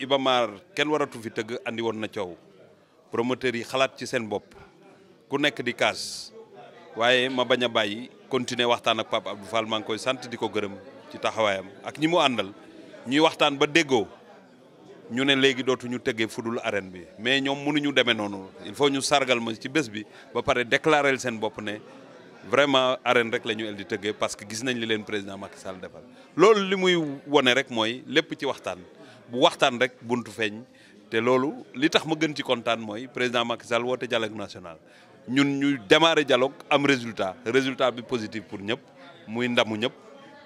Iba Mar kenn waratu fi tëgg andi woon na coow promoteurs yi xalaat ci seen bopp ku nekk di kaas waaye ma bañ a bàyyi continuer waxtaan ak Pape Abdou Fall maa ngi koy sant di ko gërëm ci taxawaayam ak ñi mu àndal ñuy waxtaan ba déggoo ñu ne léegi dootuñu tëggee fudul arène bi mais ñoom mënuñu demee noonu il faut ñu sargal ma ci bés bi ba pare déclarer seen bopp ne vraiment arène rek la ñu el tëggee parce que gis nañ li leen président Macky Sall defal loolu li muy wone rek mooy lépp ci waxtaan. bu waxtaan rek buntu feeñ te loolu li tax ma gën ci kontaan mooy président Macky Sall woote dialogue national ñun ñu démarrer dialogue am résultat résultat bi positif pour ñëpp muy ndamu ñëpp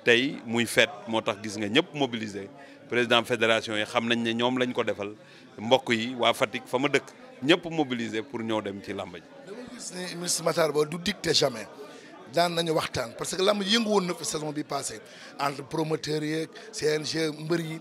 tey muy feet moo tax gis nga ñëpp mobiliser président fédération yi xam nañ ne ñoom lañ ko defal mbokk yi waa Fatick fa ma dëkk ñëpp mobiliser pour ñoo dem ci làmb ji. gis ne ministre Matar Ba du dicté jamais daan nañu waxtaan parce que làmb yënguwoon woon na fi saison bi passé entre promoteur yeeg CNG mbër yi.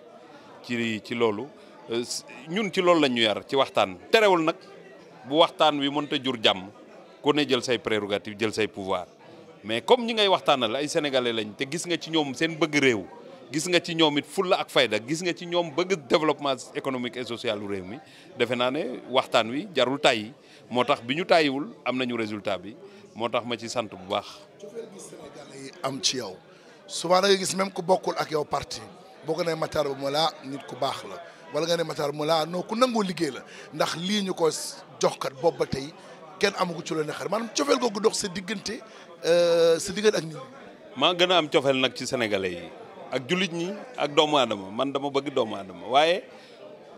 ci ci lolu euh, ñun ci lolu lañu yar ci waxtaan téréwul nak bu waxtaan wi mënta jur jam ku ne jël say prérogative jël say pouvoir mais comme ñi ngay waxtaanal ay sénégalais lañ te gis nga ci ñom seen bëgg réew gis nga ci ñom it fulla ak fayda gis nga ci ñom bëgg développement économique et social réew mi défé naa waxtaan wi jarul motax biñu tayiwul am nañu résultat bi motax ma ci sante bu baax. am ci yow souvent da nga gis même ku bokul ak yow parti boko ko Matar ba mu nit ku bax la wala nga ne Matar mu no ku nangul liggéey la ndax li ñu ko jox kat boobu ba tey kenn ci lu ne xar manam ciofel gogu dox sa euh sa diggante ak nit ma gëna am ciofel nak ci sénégalais yi ak julit ñi ak doomu aadama man dama bëgg doomu aadama waaye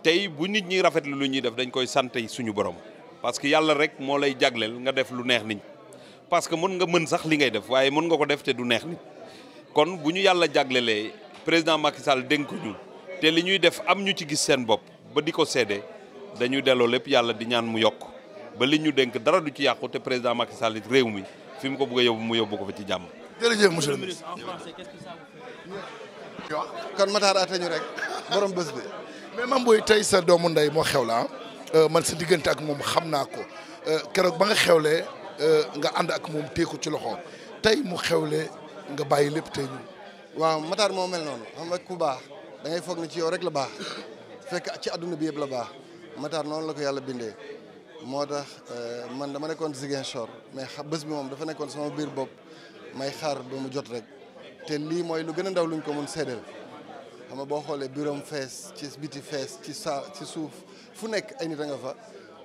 tay bu nit ñi rafet lu ñi def dañ koy santé suñu borom parce que yalla rek mo lay jagleel nga def lu neex nit parce que mën nga mën sax li ngay def mën nga ko def te du neex nit kon buñu yalla yàlla président Macky Sall dénk ñu te li ñuy def am ñu ci gis seen bopp ba di ko seede dañuy delloo lépp yàlla di ñaan mu yokk ba li ñu denk dara du ci yàqu te président Macky Sall it réew mi fi mu ko bëgg a yóbbu mu yóbbu ko fa ci jàmm. jërëjëf monsieur le ministre kon Matar aate ñu rek borom bés bi mais Mame Boye tey sa doomu ndey moo xew la euh, man sa diggante ak moom xam naa ko euh, keroog ba nga xewlee euh, nga ànd ak moom teeku ci loxo tey mu xewle nga bàyyi lépp tey waaw Matar moo mel noonu xam nga ku baax da ngay foog ne ci yow rek la baax fekk ci àdduna bi yëpp la baax Matar noonu la ko yàlla bindee moo tax eh, man dama nekkoon Ziguinchor mais bés bi moom dafa nekkoon sama biir bopp may xaar ba mu jot rek te lii mooy lu gën a ndaw luñ ko mun seddal xam nga boo xoolee bureau fees ci biti fees ci saa ci suuf fu nekk ay nit a nga fa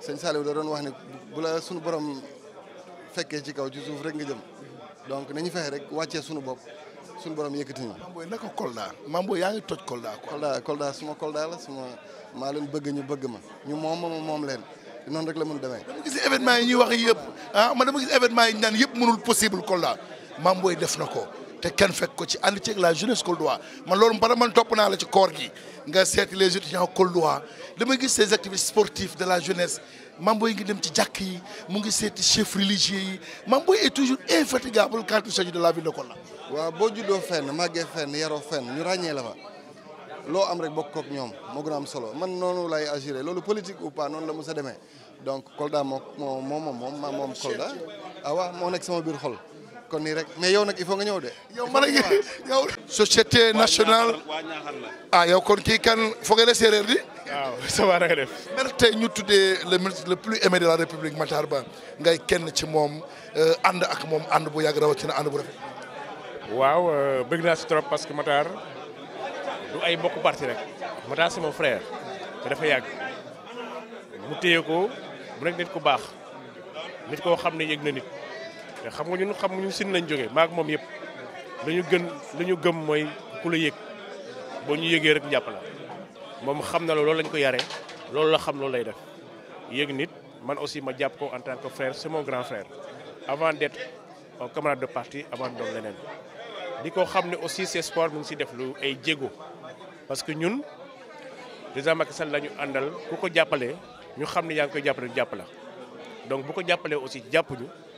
sëñ Saliou da doon wax ne bu la suñu borom fekkee ci kaw ci suuf rek nga jëm donc nañu fexe rek wàccee suñu bopp suñu borom yëkkati ñu. Mame Boye naka Kolda Mame yaa ngi toj Kolda quoi. Kolda Kolda suma Kolda la suma maa leen bëgg ñu bëgg ma ñu moom ma moom leen noonu rek la mën demee. dama gis événement yi ñuy wax yëpp ah man dama gis événement yi ñu naan yëpp mënul possible Kolda Mame Boye def na ko. te ken fekk ko ci ànd ci la jeunesse Koldois man lolu bara man top na la ci koor gi nga seeti les étudiants Koldois dama gis ces activistes sportifs de la jeunesse Mame Boye ngi dem ci jàkk yi mu ngi seeti chef religieux yi Mame Boye est toujours infatigable quand il s'agit de la ville de Kolda wa bo juddoo fenn magge fenn yaro fenn ñu ràññee la fa lo am rek bokk ak ñom mo gën am solo man noonu lay agir lolu politique ou pas non la mos a demee donc Kolda moo moo moom moom moom Kolda ah wa mo nek sama bir xol kon nii rek mais yow nag il faut nga ñëw de. yow man ak yow. société nationale ah yow kon kii kan foogee la séeréer di. waaw ça va naka def. mer tey ñu tuddee le ministre le plus aimé de la république Matar Ba ngay kenn ci moom euh, ànd ak moom ànd bu yàgg na ànd bu rafet. waaw euh, bëgg naa si trop parce que Matar du ay mbokk parti rek Matar c'est mon frère te dafa yàgg mu téye ko mu nekk nit ku baax nit koo xam ne yëg na nit. te xam nga ñun xam nga ñun sin lañ joge maak moom yëpp lu ñu gën lu gëm mooy ku la yëg boo ñu yëgee rek jàppala moom xam na la loolu lañ ko yare loolu la xam loolu lay def yëg nit man aussi ma jàpp ko en tant que frère avant d'être un de parti avant doon leneen di ko xam ne aussi ces sports mu ngi si def lu ay jéego parce que ñun président Macky Sall la ñu àndal ku ko jàppalee ñu xam ne yaa ngi koy jàppale ñu jàpp la donc bu ko jàppalee aussi jàppuñu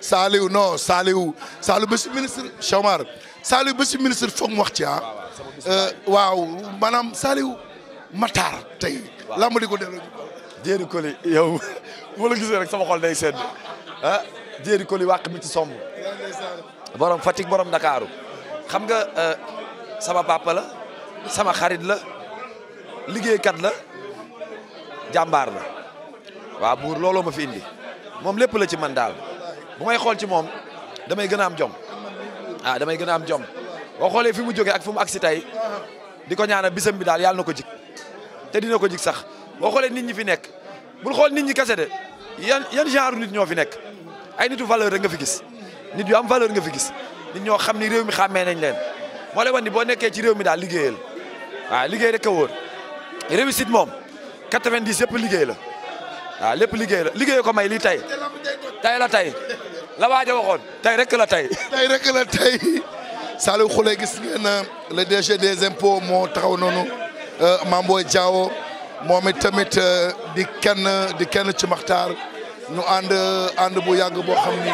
Saliou non Saliou Saliou ba si ministre Chomar Saliou ba si ministre foog mu wax ci ah. waaw euh, maanaam Saliou Matar tey. waaw làmb di ko delloo. Jéeri Koli yow bu ma rek sama xol day sedd ah Jéeri Koli wàq mi ci somb. borom Fatick borom ndakaaru xam nga euh, sama papa la sama xarit la liggéeykat la jàmbaar la waaw buur looloo ma fi indi moom lépp la ci man daal. bu may xool ci moom damay gën a am jom ah damay gën a am jom boo xoolee fi mu jógee ak fi mu agsi tey di ko ñaanal bisam bi daal yàlla na ko jik te dina ko jik sax boo xoolee nit ñi fi nekk bul xool nit ñi kese de yan yan genre nit ñoo fi nekk ay nitu valeur rek nga fi gis nit yu am valeur nga fi gis nit ñoo xam ni réew mi xàmmee nañ leen moo lay wan boo nekkee ci réew mi daal liggéeyal waaw ah, liggéey rek a wóor réussite moom 90 yëpp liggéey la waaw lépp liggéey la liggéey ko may lii tey tey la tey la waaja waxoon tey rek la tey tey rek gis ngeen le DG des impôts moo taxaw noonu euh, Mamboy Diawo moom it tamit euh, di kenn di kenn ci Maxtaar ñu ànd ànd bu yàgg boo xam ni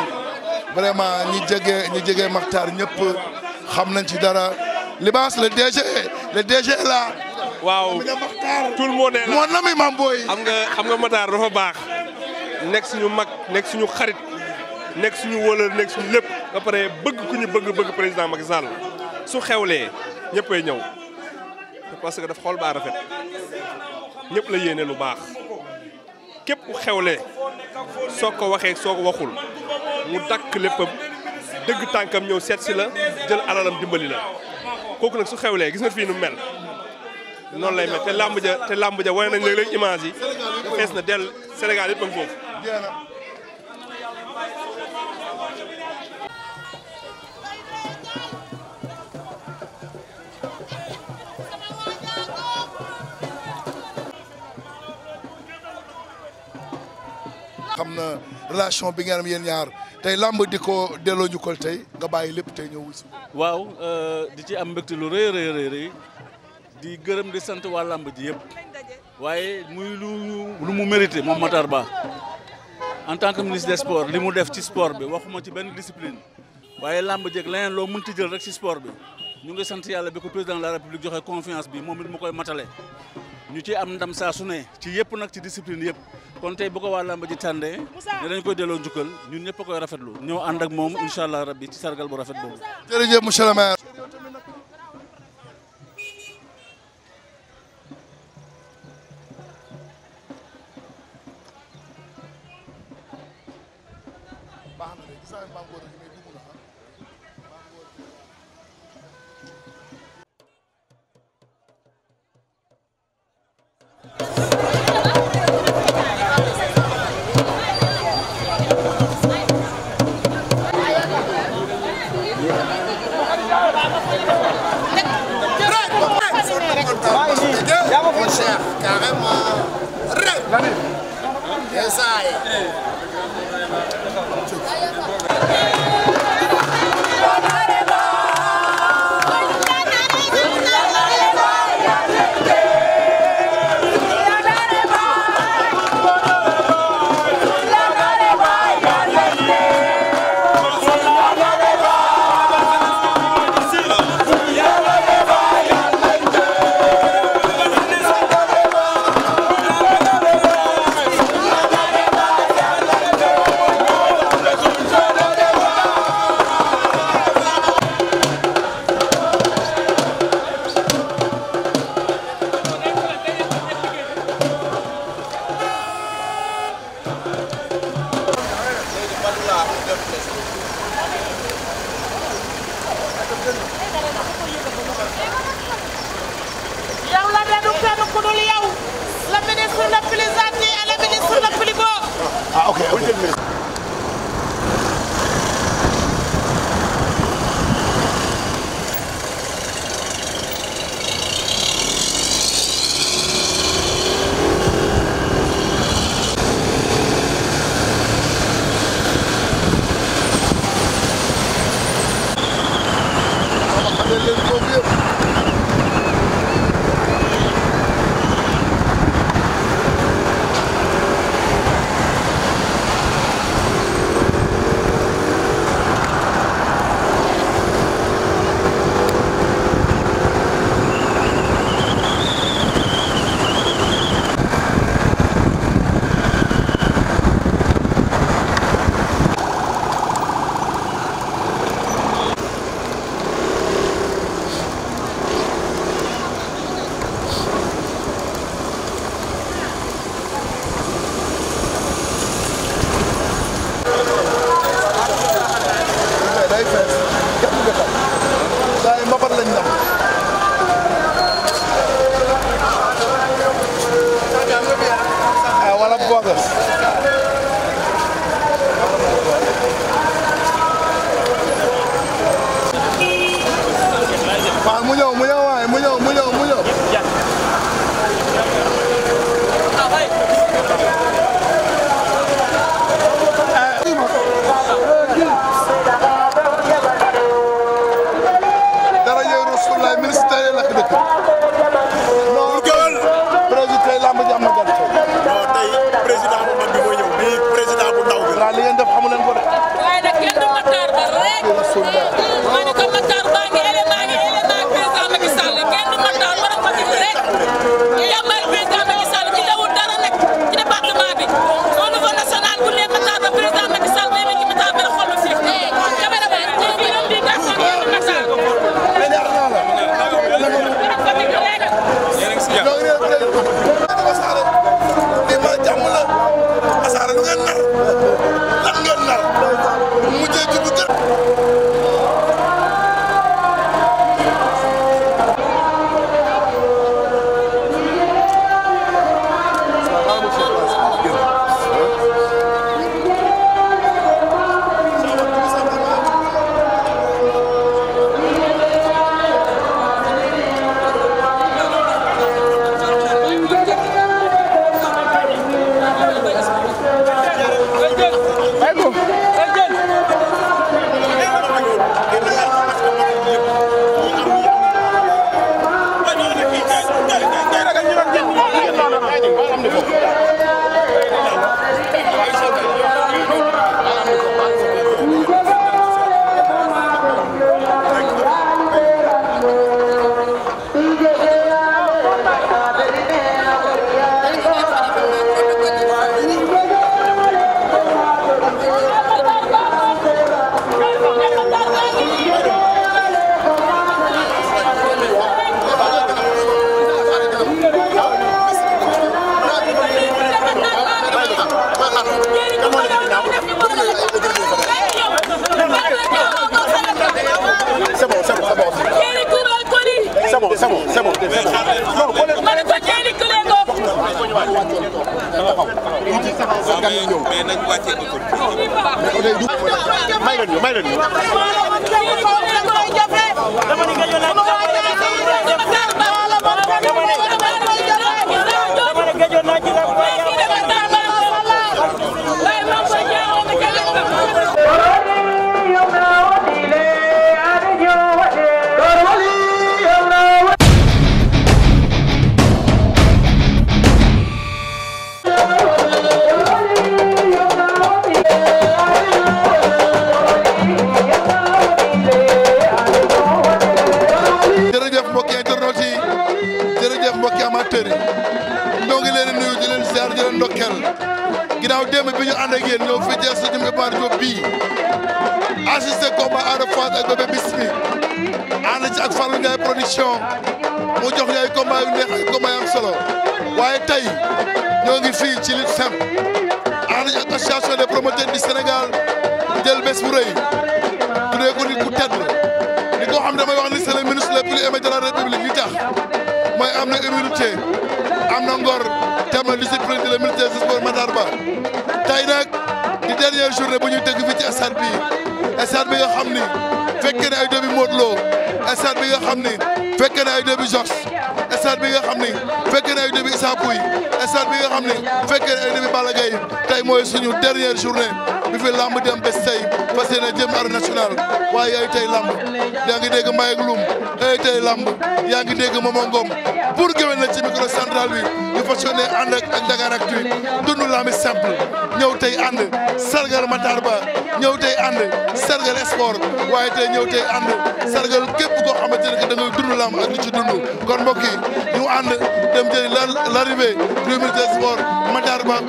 vraiment ñi jege ñi jege Maxtaar ñëpp xam nañ ci dara Libaas le DG le DG la waaw tout le monde est là moo nami mam booy xam nga xam nga Matar dafa baax nekk suñu mag nekk suñu xarit nekk suñu wóolal nekk suñu lépp ba pare bëgg ku ñu bëgg bëgg président Macky Sall su xewlee ñëppay ñëw parce que dafa xool baa rafet ñëpp la yéene lu baax képp ku xewlee soo ko waxee soo ko waxul mu dakk léppam dëgg tànkam ñëw seet si la jël alalam dimbali la kooku nag su xewlee gis na fii nu mel noonu lay mel te làmb ja te làmb ja wane nañ léeg-léeg image yi fees na dell Sénégal xam na relation bi ngeen am yéen ñaar tey làmb di ko delloo ñu tey nga bàyyi lépp tey ñëw wusi waaw euh, di ci am mbégte lu rëy rëy di gërëm di sant waa làmb ji yëpp waaye muy lu lu mu mérité moom Matar Ba en tant que ministre des sports li mu def ci sport bi waxuma ci benn discipline waaye làmb jeeg leneen loo mënti jël rek ci sport bi ñu ngi sant yàlla bi ko président de la république joxe confiance bi moom it mu koy matale ñu ci am ndam saa su ne ci yëpp nag ci discipline yëpp kon tey bu ko waa làmb ji tàndee ne dañ koy delloo njukkal ñun ñëpp a koy rafetlu ñëw ànd ak moom incha allah rabbi ci sargal bu rafet boobu. Mbaye ak Loum ay tey lamb yaa ngi dégg Momo Ngom pour géwél na ci micro central bi ñu passionné ànd ak Dakaractu dund lambi simple ñëw tey ànd sargal Matar Ba ñëw tey ànd sargal sport waaye tey ñëw tey ànd sargal képp koo xamante ne que da ngay dund lamb ak li ci dund kon mbokk yi ñu ànd dem jëli la l'arrivée du ministre sport Matar Ba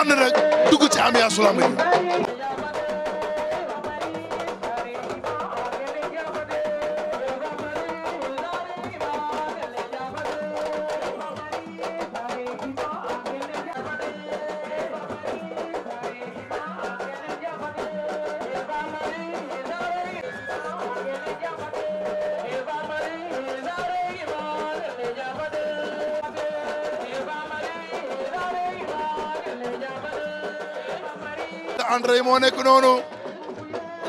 ànd nag dugg ci ambiance lamb Assane Rey moo nekk noonu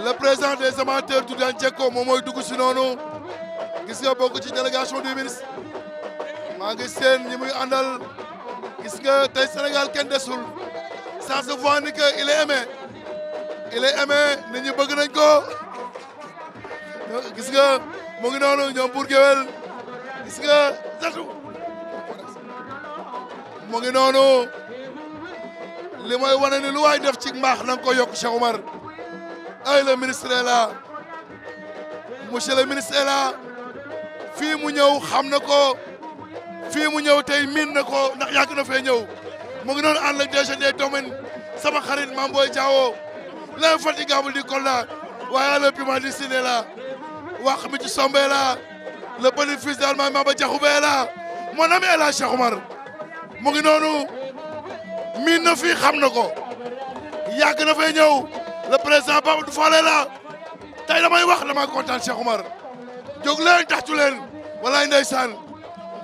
le présent des amateurs Tidiane Diécko moom mooy dugg si noonu gis nga bokk ci délégation du ministre maa ngi seen ñi muy àndal gis nga tey Sénégal kenn desul ça se voit ni que il est aimé ñi bëgg ko gis nga noonu ñoom pour géwél gis nga noonu. li mooy wane ni lu waay def ci mbaax na nga ko yokk Cheikh Omar ay le ministre est là monsieur le fii mu ñëw xam na ko fii mu ñëw tey miin na ko ndax yàgg na fee mu ngi doon ànd ak DG des domaines sama xarit Mame Boye Diao l'infatigable du Kolda waaye le piment du Sine la wax mi ci Sombe la le petit fils d'Allemagne Maba Diakhou Beye la mon ami est là mu ngi noonu miin na fi xam na ko yàgg na fay ñëw le président Pape du Fallé la tey damay wax dama kontaan Cheikh Oumar jóg leen taxtu leen walaay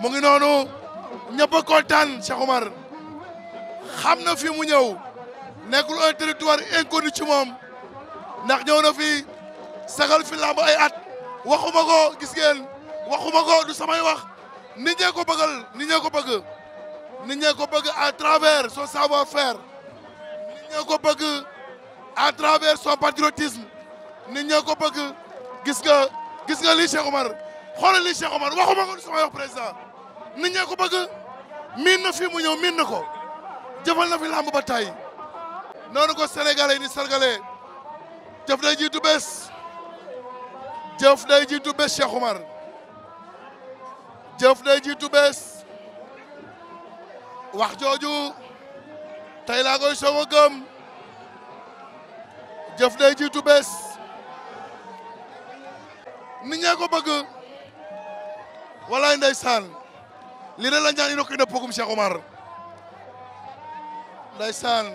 mu ngi noonu ñëpp a kontaan Cheikh Oumar xam na fi mu ñëw nekkul un territoire inconnu ci moom ndax na fi sagal fi làmb ay at waxuma ko gis ngeen waxuma ko du samay wax nit ñee ko bëggal nit ñee ko bëgg nit ñee ko bëgg à travers son savoir-faire nit ko bëgg à travers son patriotisme nit ko bëgg gis nga gis nga lii Cheikh Omar xoolal lii Cheikh Omar waxuma ko sama wax président nit ko bëgg miin na fii mu ñëw miin na ko jëfal na fi làmb ba noonu ko sénégalais yi ni sargalee jëf day jiitu bés jëf day jiitu bés Cheikh Omar jëf day jiitu bés wax jooju tey laa koy gëm jëf day jiitu bés nit ñaa ko bëgg walaay ndeysaan lii de la ñaan ino kii de pogum Cheikh Omar ndeysaan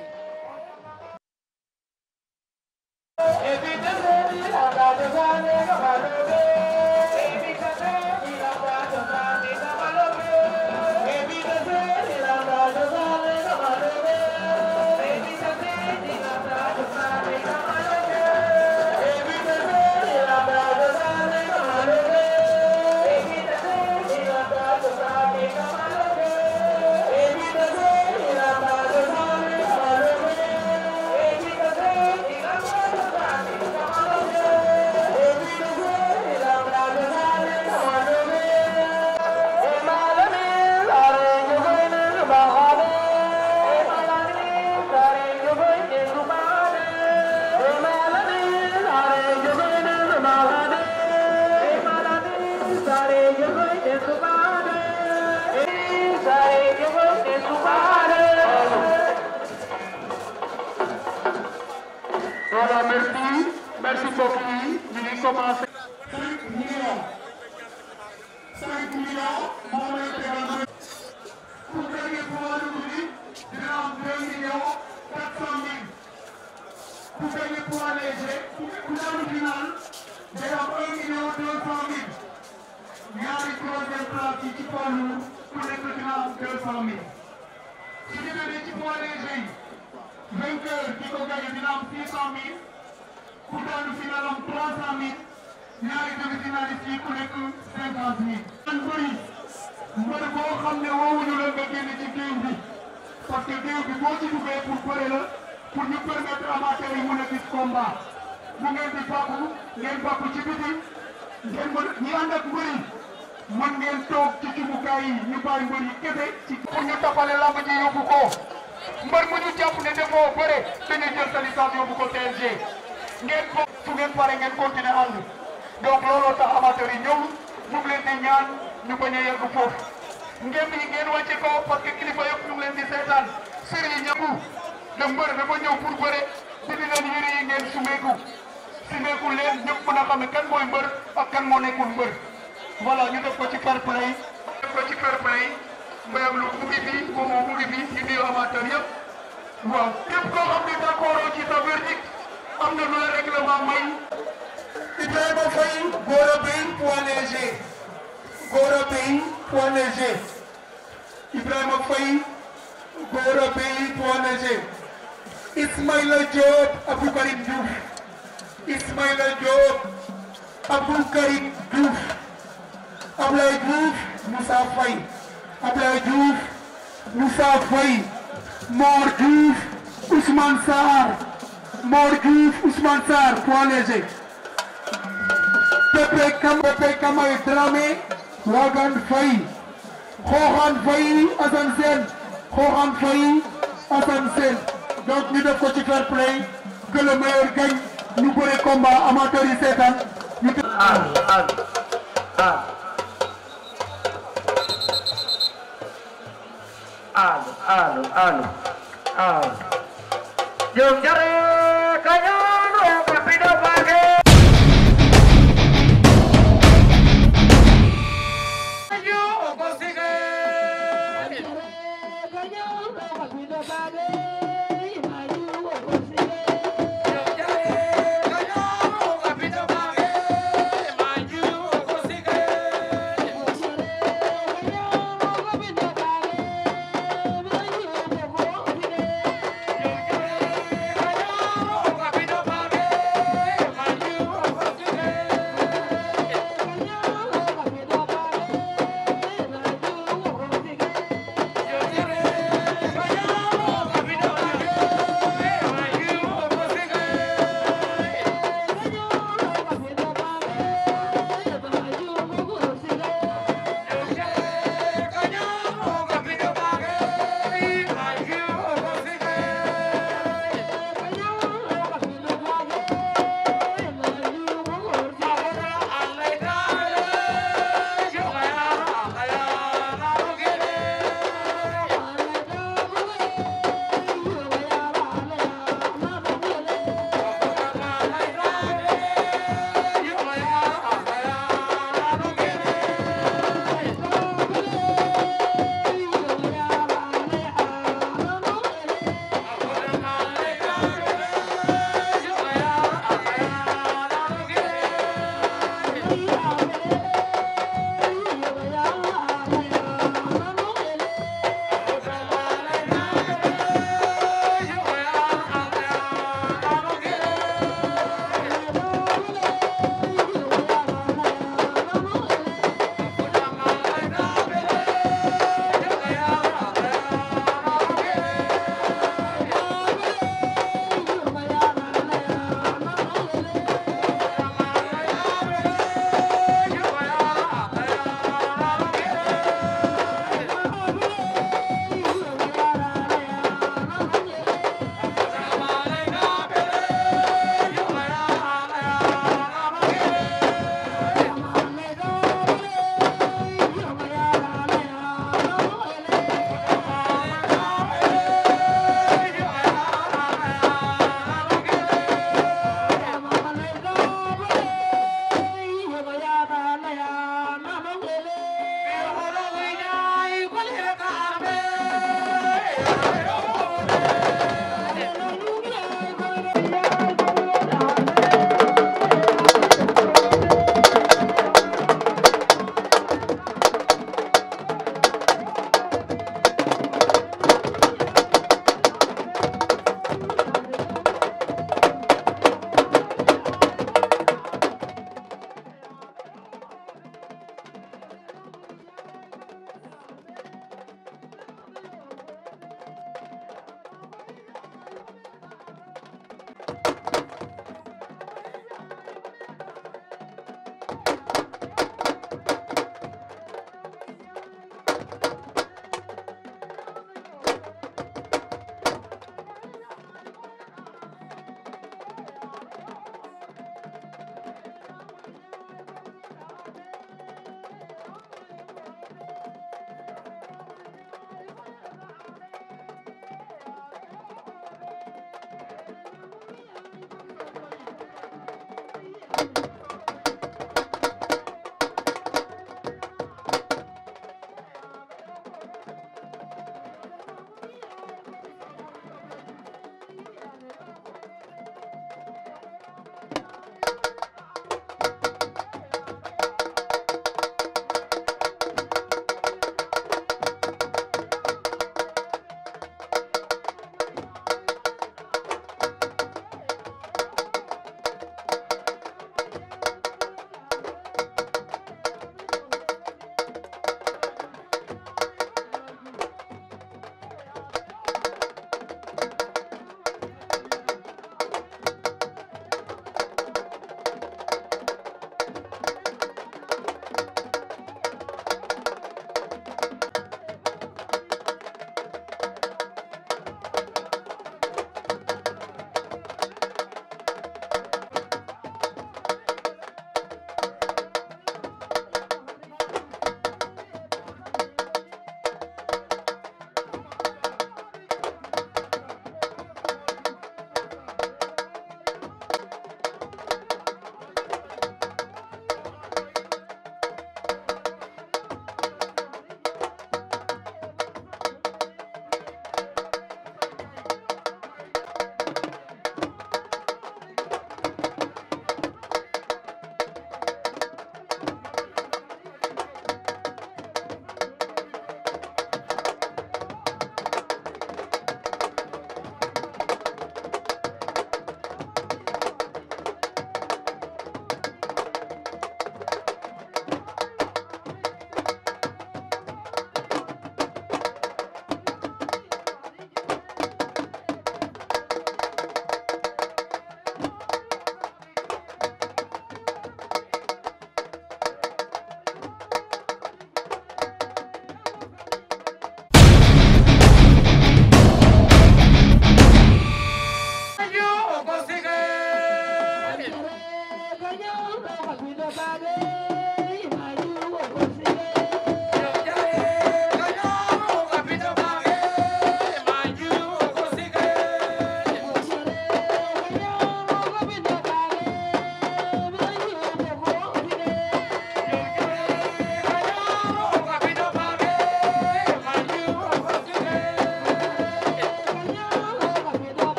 plan bi ci poids lourd ku nekk dina am deux cent mille. su ñu demee ci poids léger yi vainqueur ki ko gagné dina am six cent mille ku daanu final am trois cent mille ñaari demi-finaliste yi ku nekk cinquante mille. man bëri mbër boo xam ne woowuñu la nga génn ci géew bi parce yi mën a gis combat bu ngeen di bàkku ngeen bàkku ci biti ngeen mën ñi ànd ak mbër mën ngeen toog ci jubukaay yi ñu bàyyi mbër yi kese ci pour ñu tapale lamb ji yóbbu ko mbër mu ñu jàpp ne defoo bëre dañuy jël sa licence yóbbu ko TNG ngeen ko su ngeen pare ngeen continuer ànd donc looloo tax amateur yi ñëw ñu ngi leen di ñaan ñu bañ yegg foofu ngeen yi ngeen wàcce ko parce que kilifa ñu ngi leen di le dafa pour bëre leen ngeen leen kan ak kan nekkul voilà ñu def ko ci fair play def ko ci fair play mu am lu mu ngi fii moomu mu ngi fii ci biir amateur yëpp waaw képp koo xam ne d'accord ci sa verdict am na lu la règlement may Ibrahima Faye Gora Beye point léger Gora Beye point léger Ibrahima Faye Gora Beye point léger Ismaïla Diop Abdou Karim Diouf Ismaïla Diop Abu Karim Diouf Ablaye Diouf Moussa Faye Ablaye Diouf Moussa Mor Diouf Ousmane Sarr Mor Diouf Ousmane Sarr poids léger Pepe Kam Pepe Kamay Dramé Wagan Faye Xooxaan Faye Assane Sène Xooxaan Faye Assane Sène donc ñu def ko ci fair play que le meilleur gagne ñu bëre combat amateur yi seetaan ñu. ah ah ah. alo, alo, alo, alo. Yung jari kaya no kapinap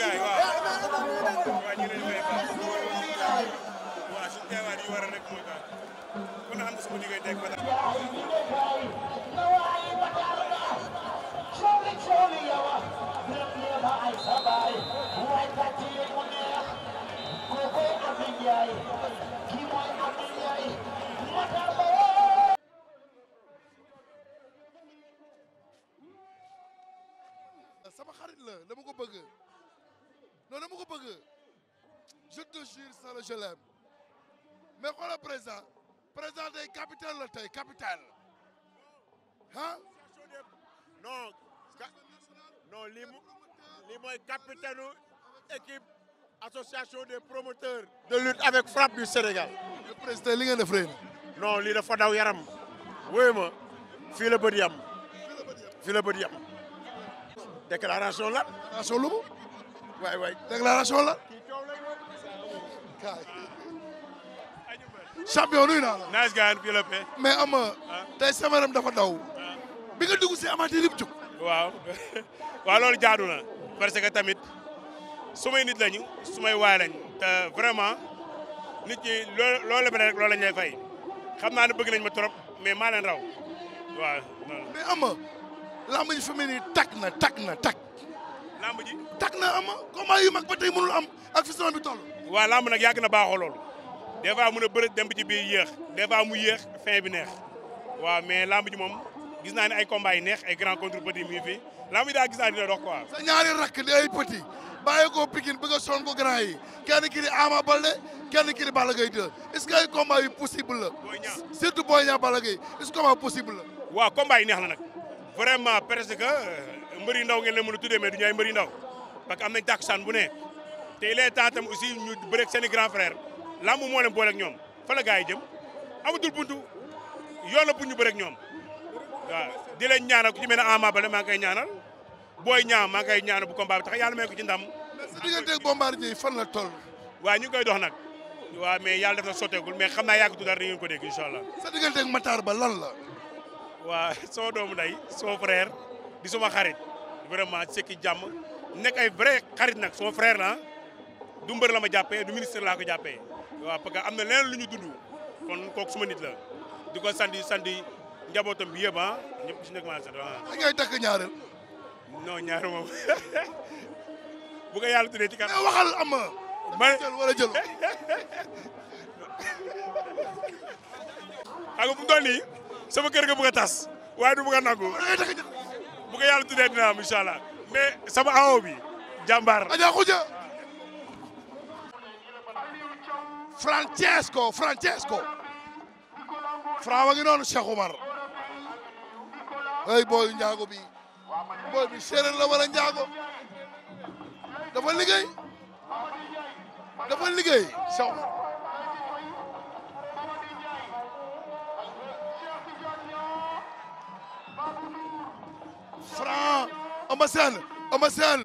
gaay waaw waaw ñu leen fay baax waaw suñu teewaay yi war a rek mooy baax ku ne xam nga sama liggéey teg ba tax sama xarit la dama ko bëgg ça le je l'aime mais le président président des capitaine le taille, capitaine Hein? non non Limo est capitaine de équipe association des promoteurs. de lutte avec frappe du Sénégal. le président li nga def non il est daw yaram. Oui, ma Fille la yam déclaration là? déclaration là. déclaration là? kaay. champion nuyu naa la. nice guy mais ama ah. tey sama yaram dafa daw. Ah. bi nga dugg si amaati bu jug. waaw waaw loolu jaadu na parce que tamit sumay nit lañu sumay waay lañ te vraiment nit ñi loo loolu la rek loolu lay fay xam naa ne bëgg nañ ma trop mais maa leen waaw. mais ama lamb ji fi tak na tak na tak. lamb tak na ama combat yu mag ba tey mënul am ak fi sama bi toll. waaye lamb nag na baaxoo loolu des fois mun a bëri dem ba ci biir yéex des fois mu yéex fin bi neex waaw mais lamb ji moom gis naa ne ay combats yi neex ay grand contre petit mi ngi fi lamb yi daal gis naa dina dox quoi. sa ñaari rakk di ay petit bàyyi ko Pikine bëgg a sonn ko grand yi kenn ki di Ama Baldé kenn ki di Balla Gaye 2 est-ce que ay combats possible surtout Boy Niang Balla est-ce que combat possible la. combat yi neex na nag vraiment presque euh, mbëri ndaw ngeen leen mën a tuddee mais du ñu ay mbëri ndaw parce que am nañ tàkkusaan bu ne tey il est ussi tam aussi ñu bëreeg seen i grand frère lamb moo leen booleeg ñoom fa la gars yi jëm amatul buntu yoon la bu ñu bëreeg ñoom waaw di leen ñaanal ku ci mel ne Ama Baldé maa ngi koy ñaanal booy ñaam maa ngi koy ñaanal bu combat bi tax yàlla may ko ci ndam. sa digganteeg Bombardier fan la ñu ngi koy dox nag. waaw mais yàlla dafa na sotteegul mais xam naa yàggatu dara dangeen ko dégg incha allah. sa digganteeg Ba la. waaw soo doomu nday soo frère di suma xarit vraiment sekki nekk ay vrai xarit nag suma frère la ah. du mbeur lama jappé du ministre la ko jappé wa parce que amna lén luñu dudd ñu dund kon kooku suma nit la diko sandi sandi njabotam bi yeba ñep ah. ñëpp ci nekk maa sant waaw. ngay tak ñaaral non ñaar moom bu ko yalla tudé ci kan. Eh, waxal am ma. jël wala jël. xam nga bu mu sama kër nga bu ko tass way du bu ko nangu bu ko yalla tudé dina am incha mais sama awo bi jambar aja jàmbaar. Francesco Francesco Fra wa ngi noonu Cheikh Oumar booyu njaago bi booy bi séeréer la wala njaago dafa liggéey dafa liggéey Cheikh Oumar Fra ama seen ama seen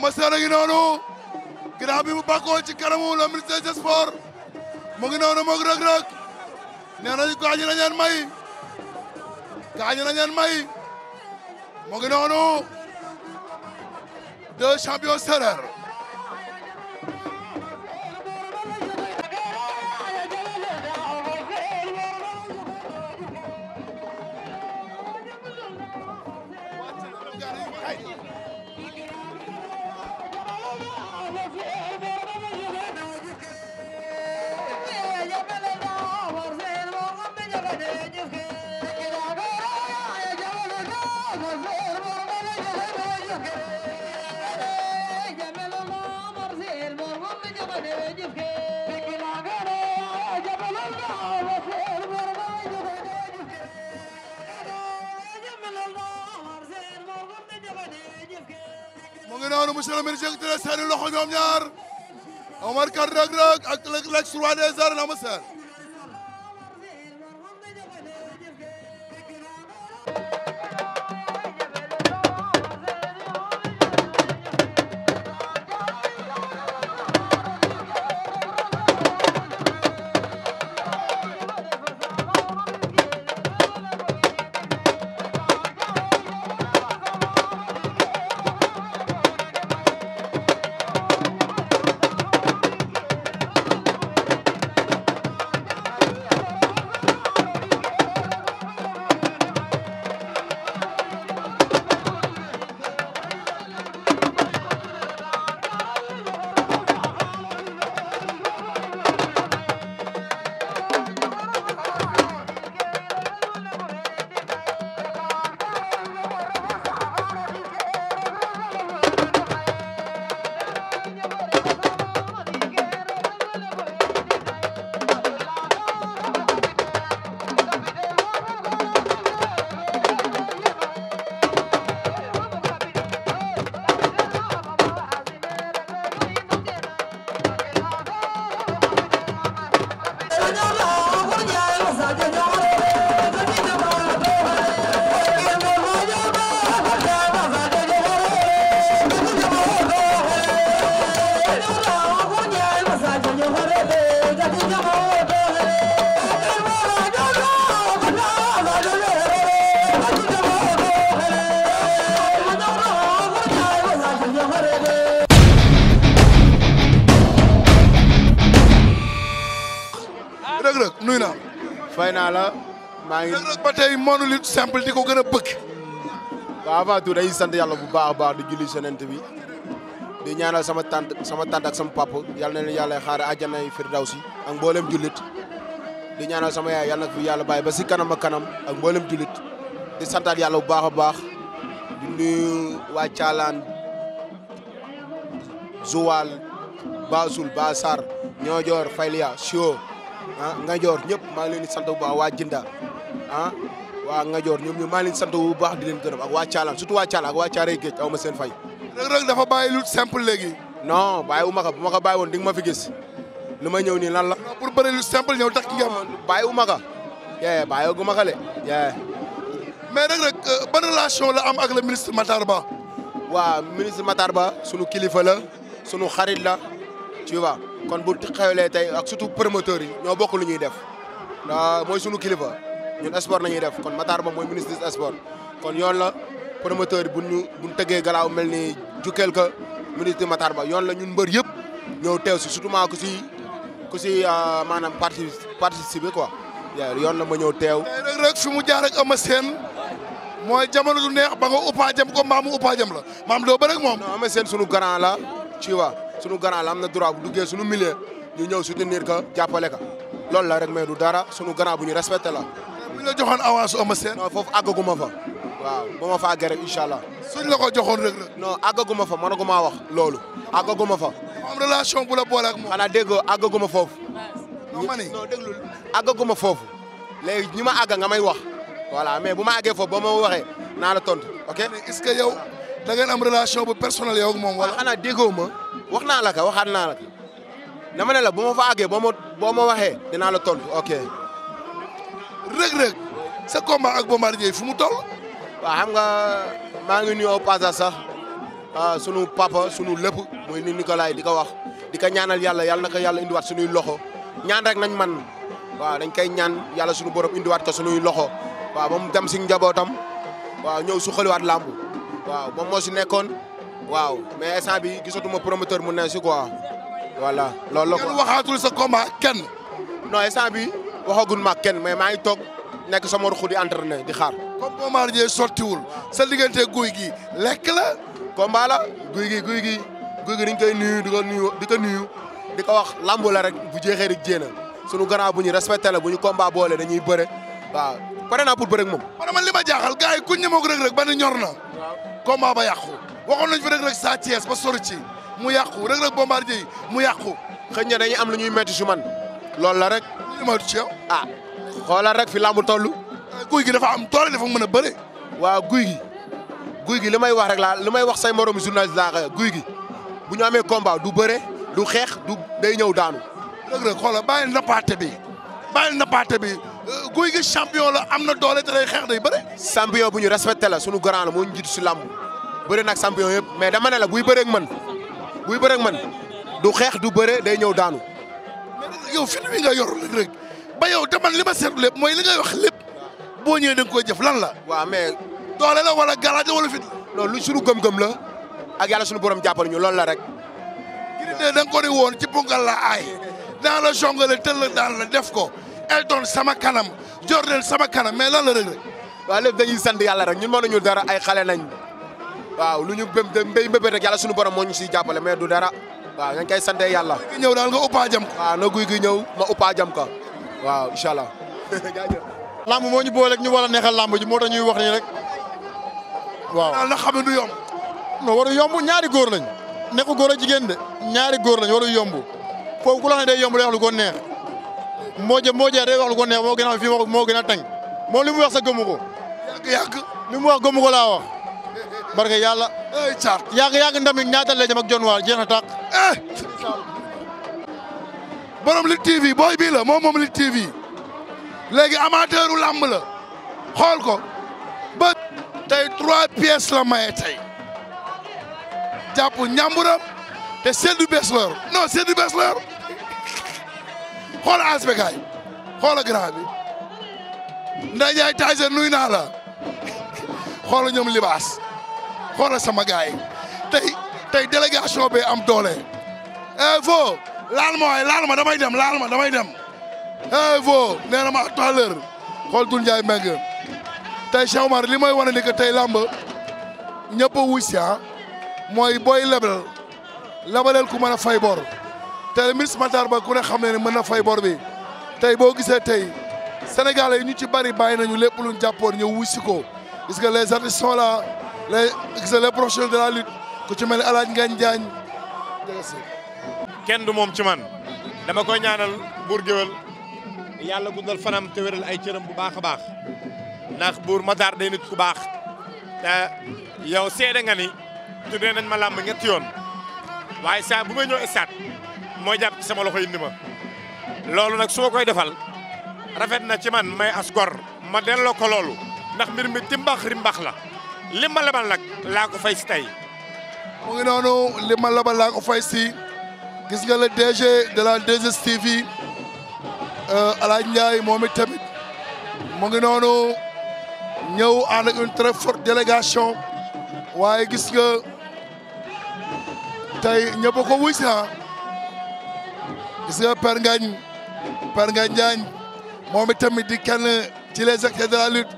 Eumeu Sène a ngi noonu ginnaaw bi mu bàkkoo ci kanamu le ministre des sports mu ngi noonu moog Reug Reug nee nañu gaañu nañ leen may gaañu nañ leen may mu ngi noonu deux champions sérères ñoom ñaar Omar Kane Reug Reug ak Lex roi des arènes Eumeu Sène monde lutte simple di ko gën a bëgg. waaw avant tout dañuy sant yàlla bu baax a baax di julli senent bi di ñaanal sama tante sama tante ak sama papa yàlla na leen yàlla xaare yi firdawsi ak mboolem jullit di ñaanal sama yaay yàlla fi yàlla bàyyi ba si kanam ak kanam ak mboolem jullit di santaat yàlla bu baax a baax di nuyu waa Caalaan Zuwaal Baasul Baasar Ñoojoor Faylia Sio ah Ngajoor ñëpp maa ngi leen di sant bu baax waa Jinda ah waa Ngajoor ñoom ñu maa leen sant bu baax di leen gërëm ak waa Thialane surtout waa Thialane ak waa Thiaray Géej aw ma seen fay. Reug Reug dafa bàyyi lu simple léegi. non bàyyi wu ma ko bu ma ko bàyyi woon di nga ma fi gis li may ñëw nii lan la. non pour bëri lu simple ñëw tax ki nga xam. bàyyi wu ma ko. yee bàyyi wu ma ko de. mais Reug Reug ban relation la am ak le ministre Matar Ba. waa ministre Matar Ba sunu kilifa la sunu xarit la tu vois kon bu xewlee tey ak surtout promoteurs yi ñoo bokk lu ñuy def mooy sunu kilifa. ñun sport la ñuy def kon mataar Ba mooy ministre des sports kon yoon la promoteur bu ñu bu ñu tëggee galaaw mel ni jukkeel ka ministre Matar Ba yoon la ñun mbër yëpp ñëw teew si surtout ku si ku si euh, maanaam parti participer quoi yoon la ma ñëw teew. rek rek fi mu jaar ak Ama Sène mooy jamono du neex ba nga uppaa jëm ko maamu uppaa jëm la maam doo ba rek moom. non Ama seen sunu grand la tu vois sunu grand la am na droit bu duggee sunu milieu ñu ñëw soutenir ka jàppale ka loolu la rek mais dara sunu grand bu ñu respecté la. bu ñu la joxoon avance Eumeu Sène. non foofu àggaguma fa. waaw ba ma fa àggee rek incha allah. suñ la ko joxoon rek la. non àggaguma fa mënaguma wax loolu. àggaguma fa. am relation bu la boole ak moom. xanaa dégg nga àggaguma foofu. non ah, ma ni non déglul àggaguma foofu. léegi ñi ma àgg nga may wax. voilà mais bu ma àggee fo ba ma waxee naa la tontu ok. est-ce que yow da ngeen am relation bu personnel yow ak moom wala. Ah, xanaa déggoo ma wax naa la ko waxaat naa la ko dama ne la bu ma fa àggee boo ma boo ma waxee dinaa la tontu ok. Reg reg, sa combat ak Bombardier fu mu toll wa xam nga ma ngi nuyoo pasa sax ah, sunu papa sunu lepp moy ni Nicolas diko wax diko ñaanal yalla yalla naka yalla indi wat sunu loxo ñaan rek nañ man wa dañ koy ñaan yalla sunu borom wat ko sunu loxo wa bam dem si njabotam wa ñew su wat lamb wa bam mo ci nekkon wa mais instant bi gisatuma promoteur mu ne si quoi voilà lolo. ko waxatul sa combat kenn non instant bi waxagun ma kenn mais maa ngi toog nekk sama ruxu di entraîné di xaar. comme Bombardier wul sa diggante guy gi lekk la. combat la guy gi guy gi guy gi dañ koy nuyu di ko nuyu di ko nuyu di ko wax lamb rek bu jeexee rek jéena sunu grand bu ñu respecté la bu ñu combat boole dañuy bëre waaw pare naa pour bëre ak moom. man man ma jaaxal gars yi ku ñu ñemeeku rek rek ba ni ba yàqu. waxoon nañ fi rek rek Sa ba sori ci mu yàqu rek rek Bombardier mu yàqu. xëy na dañuy am lu ñuy métti si loolu la rek. imatu ci yow ah xoolal rek fi làmb toll euh, guy gi dafa am doole dafa mën a bëre waaw guy gi guy gi li may wax rek laa li may wax say moroom journaliste laa guy gi bu ñu amee combat du bëre du xeex du day ñëw daanu rëg rëg xoolal bàyyi nappaate bi bàyyi nappaate bi euh, guy gi champion la am na doole te day xeex day bëre champion bu ñu respecté la sunu grand la moo ñu jiitu si làmb bëri nag champion yëpp mais dama ne la buy bëreeg man buy bëreeg man du xeex du bëre day ñëw daanu mais yow fit wi nga yor Reug Reug ba yow te li ma seetlu lépp mooy li ngay wax lépp boo ñëwee da nga koy lan la. waa mais. doole la wala galaaj la wala fit la. loolu lu suñu gëm-gëm la ak yàlla suñu borom jàppal ñu loolu la rek. ngir ne da nga ko di woon ci pungal la aay daan la jongale tëll la daan la def ko Elton sama kanam Jordan sama kanam mais lan la Reug Reug. waaw dañuy sant yàlla rek moo na ñu dara ay xale nañ waaw lu ñu bëm mbéy mbébét rek yàlla suñu borom moo ñu siy jàppale mais du dara. waaw dañ koy sante yàlla. guy daal nga uppaa jam ko. waaw na guy gi ñëw ma uppaa jam waaw incha allah. jaajëf. moo ñu boole rek ñu war a neexal làmb ji moo tax ñuy wax nii rek. waaw daal na xam ne du yomb. non waru yomb ñaari góor lañ nekku góor a jigéen de ñaari góor lañ waru yomb foofu ku la ne yomb day wax lu neex moo jë moo jë day wax lu ko neex moo gën a fii moo gën a tàng moom li mu wax sa gëmu ko. yàgg yàgg li mu wax gëmu ko laa wax. barke yàlla. ay caat yàgg yàgg ndam ñaata lay dem ak John Waar jeex na tàq. Eh. borom Lutte TV booy bii la moom moom Lutte TV léegi amateuru làmb la xool ko ba tey trois pièces la maye tey jàpp ñamburam te seddu bees leer non seddu bees leer xool aspekaay xoola grand bi nday jaay Tyson nuy naa la xool ñoom libaas xoolal sama gars yi tey tey délégation bi am doole. Evo eh, laal ma waay laal ma damay dem laal ma damay dem Evo eh, nee na ma à tout à l'heure xool Doudou Ndiaye Mbengue tey Cheikh li may wane ni que tey làmb ñëpp a wuy si ah. mooy booy lebal lebaleel ku mën a fay bor te ministre Matar Ba ku ne xam ne mën a fay bor bi tey boo gisee tey Sénégalais yi ñu ci bari bàyyi nañu lépp luñ jàppoon ñëw wu si ko parce que les artistes les gis les professionnels de la ku ci mel ni El Hadj Ngagne kenn du moom ci man dama ko ñaanal buur géwél yàlla guddal fanaam te wéral ay cëram bu baax a baax ndax buur Matar day nit ku baax te yow seede nga ni tuddee nañ ma làmb ñetti yoon waaye saa bu may ñëw stade moo jàpp ci sama loxo indi ma loolu nag su koy defal rafet na ci man may as gor ma delloo ko loolu ndax mbir mi timbax rimbax la li ma lebal nag laa ko fay si mu ngi noonu li ma lebal laa ko fay si gis nga le DG la 2STV El euh, tamit mu ngi noonu ñëw ànd ak une très waaye gis nga tey ñëpp ko wuy si ah tamit di kenn ci les acteurs de la lutte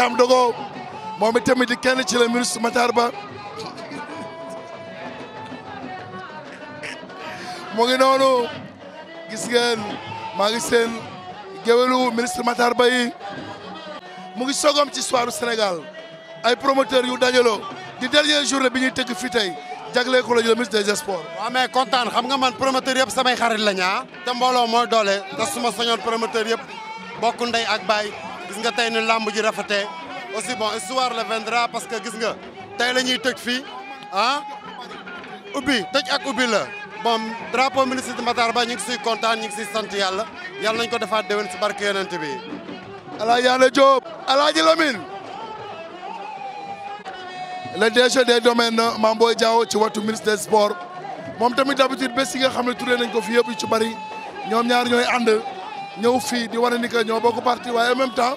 ànd Dogo. moom itamit di kenn ci la ministre Matar Ba mu ngi noonu gis ngeen maa ngi seen géwélu ministre Matar Ba mu ngi sogom ci soiru Sénégal ay promoteur yu dajaloo di dernier journée bi ñuy tëgg fii tey jagleel ko la ñu ministre des sports. waaw mais kontaan xam nga man promoteur yëpp samay xarit la ñaa ah. te mbooloo mooy doole te suma sañoon promoteur yëpp bokk ndey ak baay gis nga tey ni làmb ji rafete aussi bon soir le vendra parce que gis nga tay lañuy tek fi hein ah ubbi ak ubi la bon drapeau ministre Matar Ba ñu ngi siy contane ñu ngi siy sante yalla yalla nañ ko defaat dewen ci barke yonent bi yalla job ala Alaaji Lamine le DG des domaines mambo Boye Diao ci watu ministre des sports mom tamit d'habitude bes yi nga xam touré nañ ko fi yëpp ci bari ñom ñaar ñoy and ñëw fi di wone ni que ñoo bokk parti waye en même temps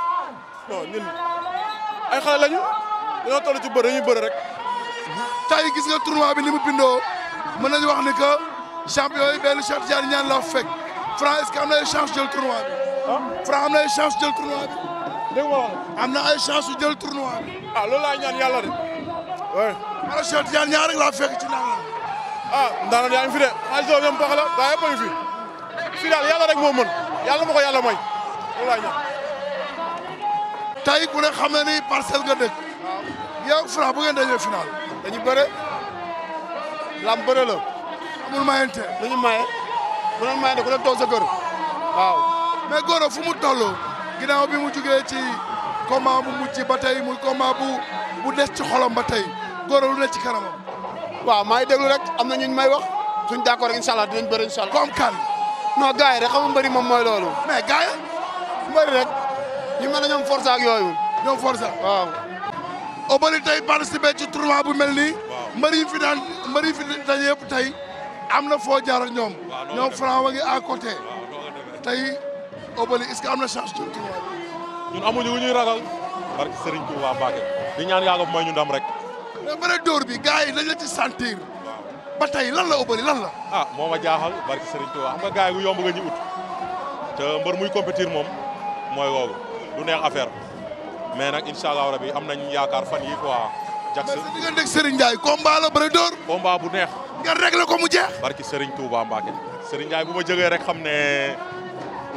non ñun ay xale lañu dañoo toll ci bëre dañuy bëre rek. tey gis nga tournoi bi ni mu bindoo mën nañu wax ni que champion yi benn Cheikh Tidiane Niane la fekk Franc est-ce que na ay chance jël tournoi am na ay chance jël tournoi bi. na ay chance yu jël tournoi bi. ah loolu laa ñaan yàlla de. oui. ci naan ah ndaanaan yaa ngi fi de xaalis doo ñoom bokk la daa yëpp a yàlla rek moo mën yàlla ma ko yàlla may loolu tey ku ne xam na ni parcelle nga dëkk. waaw yow Franc bu ngeen dajee final. dañu bëre. lam bëre la. amul mayante. lu ñu maye. bu doon mayante ku ne toog sa kër. waaw. mais Gora fu mu toll. ginnaaw bi mu jugee ci combat bu mu ba tey muy combat bu bu des ci xolam ba tey Gora lu ne ci kanamam. waaw maa ngi déglu rek am na ñu may wax suñ d'accord rek incha allah dinañ bëri incha allah. comme kan. yi rek xam nga mbëri moom mooy loolu. mais gars mbëri rek. ñu mel ñoom Forza ak yooyu. ñoom Forza waaw. Obeuly tey participé ci tournoi bu mel nii. waaw mbër yi fi daan yëpp tey am na foo jaar ñoom. ñoom Franc wa ngi à côté. tey Obeuly est am na chance ci tournoi bi. ñun amuñu ñuy ragal. barke Serigne Touba Mbacké di ñaan yàlla may ñu ndam rek. mais bëre dóor bi gars yi dañ la ci sentir. ba tey lan la Obeuly la. ah moo ma jaaxal barke Serigne Touba xam nga gars yi bu ut. te mbër muy compétir moom mooy woowu. du neex affaire mais nag incha allah rabi am nañ yaakaar fan yi quoi. Jackson mais si digganteeg Serigne Ndiaye combat la bëre bu neex. nga réglé ko mu jeex. barki Serigne Touba Mbacke Serigne Ndiaye bu ma jegee rek xam ne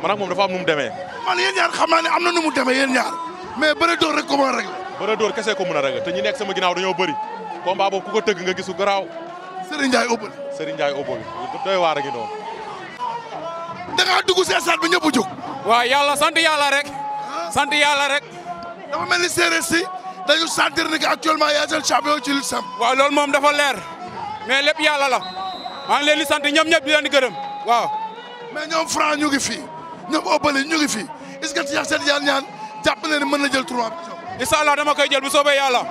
ma ak moom dafa am mu mu demee. man yéen ñaar xam naa ne am na nu mu demee yéen ñaar mais bëre dóor rek ko mën a réglé. bëre dóor kese ko mën a réglé te ñi nekk sama ginnaaw dañoo bëri combat boobu ku ko tëgg nga gisu garaaw. Serigne Ndiaye ëppal. Serigne Ndiaye ëppal doy waar a ngi noonu. da a jóg. waaw sant yàlla rek. dafa mel ni séeréer si dañu sentir ni que actuellement yaa jël champion ci lutte simple. waaw loolu moom dafa leer mais lépp yàlla la maa ngi leen di sant ñoom ñëpp di leen di gërëm waaw. mais ñoom Franc ñu ngi fii ñoom Obali ñu ngi fii est ce que Cheikh Sène ñaan jàpp mën na jël trois bi. incha allah dama koy jël bu soobee yàlla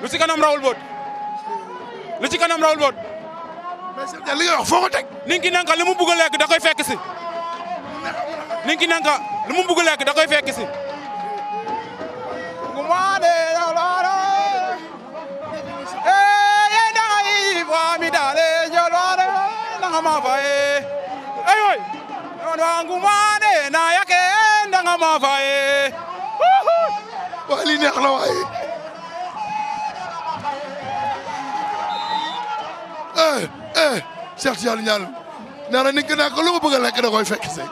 lu ci kanam rawul boot lu ci kanam rawul boot. mais Cheikh Diagne li nga wax foo ko teg. ni nga ki li mu bugg a lekk da koy fekk si. lu mu bugg lekk da koy fekk si. Eh, waa lii neex na waaye eh eh Cheikh Tidiane Niane nee na nit ki naa ko lu ma bëgg a lekk da koy fekk si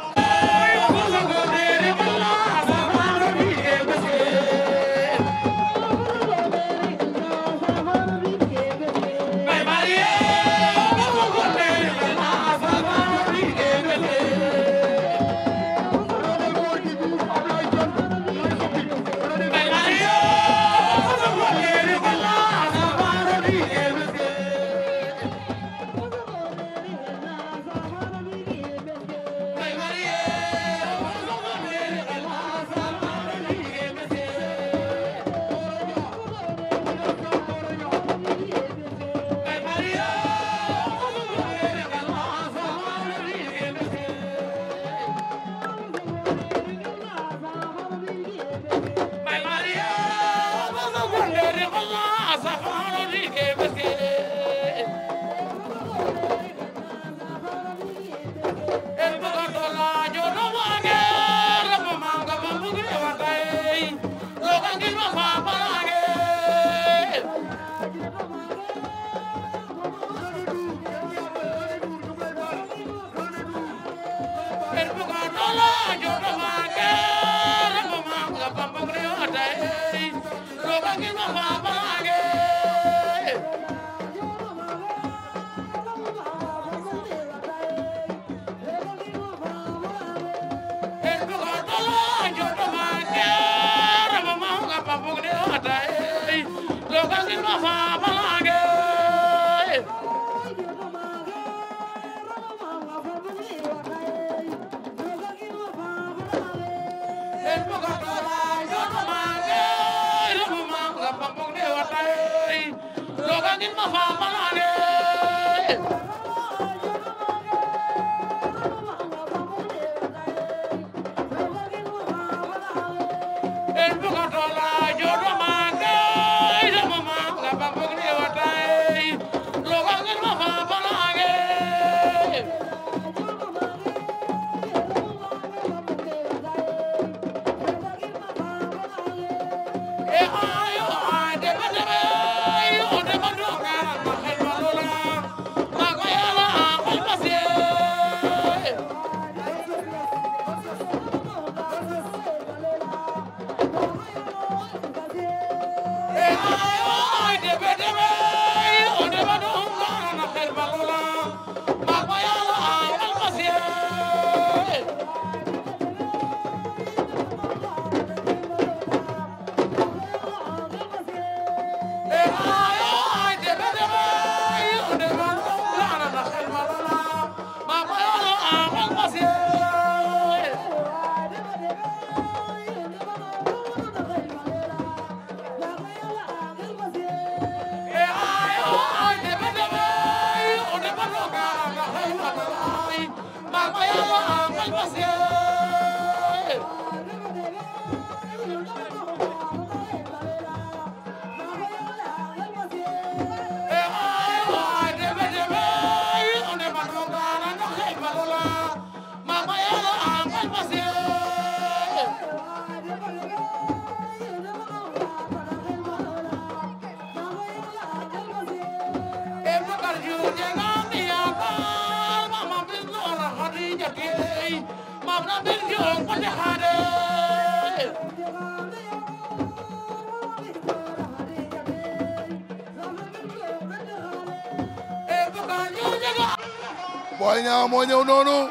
Amanhã não nono.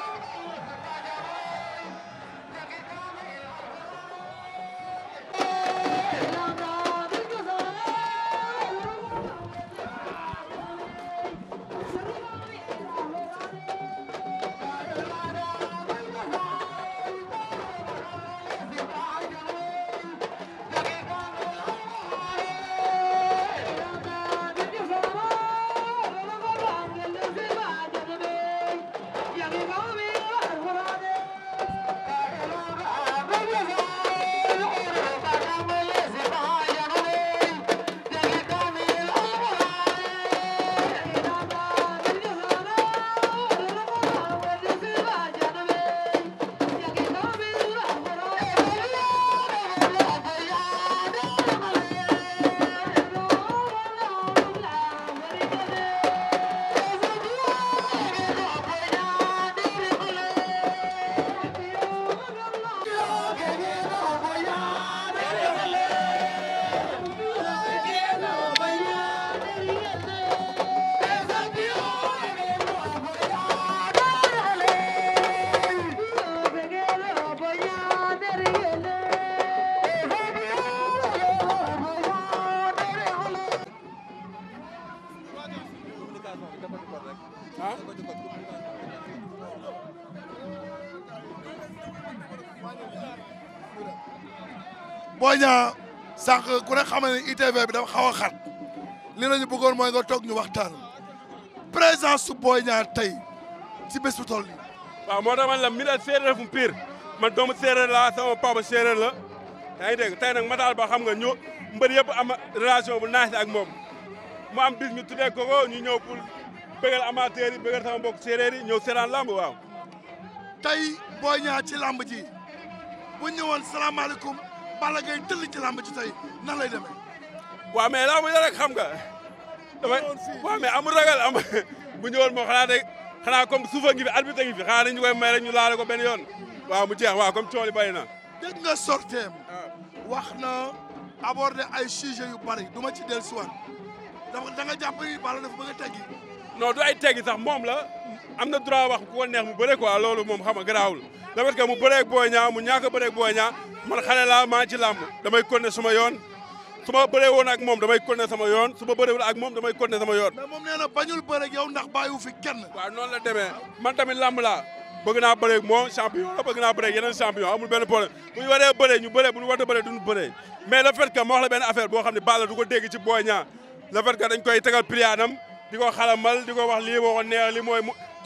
Boy Niang sànq ku ne xam ne bi dafa xaw a xat li la ñu bëggoon mooy nga toog ñu waxtaan présence su Boy Niang tey ci bés bu toll nii. moo tax man la mbir séeréer fu pire man doomu séeréer laa sama papa séeréer la yaa ngi dégg tey nag ma daal ba xam nga ñoo mbër yëpp am relation bu naaj ak moom mu am bis ñu tuddee koko ñu ñëw pour bëggal amateur yi sama mbokk séeréer yi ñëw seeraan lamb waaw. tey Boy Niang ci lamb ji bu ñëwoon salaamaaleykum. Balla Gaye tëll ci làmb ci tey nan lay demee. waaw mais làmb ja xam nga. damay waaw mais amul ragal am bu ñëwoon moom xanaa day xanaa comme suufa ngi fi arbitre ngi xanaa dañu koy may rek ñu laale ko benn yoon. waaw mu jeex waaw kom coono bay na. dégg nga sorteem. Ah. wax na aborder ay sujets yu bari du ma ci dellusiwaat. dafa da nga jàpp ni Balla dafa bëgg a teggi. non du ay teggi sax moom la. am na droit wax ku ko mu bëre quoi loolu moom xam nga garaawul le mu bëreeg Boy Niang mu ñàkk a bëreeg Boy Niang man xale laa maa ci làmb damay continuer suma yoon su ma bëree woon ak moom damay continuer sama yoon su ma bëree woon ak moom damay continuer sama yoon. mais moom nee na bañul bëreeg yow ndax bàyyiwu fi kenn. waaw noonu la demee man tamit làmb laa bëgg naa bëreeg moom champion la bëgg naa bëreeg yeneen champion amul benn problème bu ñu waree ñu bëree bu ñu war a bëree duñu bëree mais le fait que la benn affaire boo xam ne Balla ko dégg ci ko xalamal di ko wax lii moo ko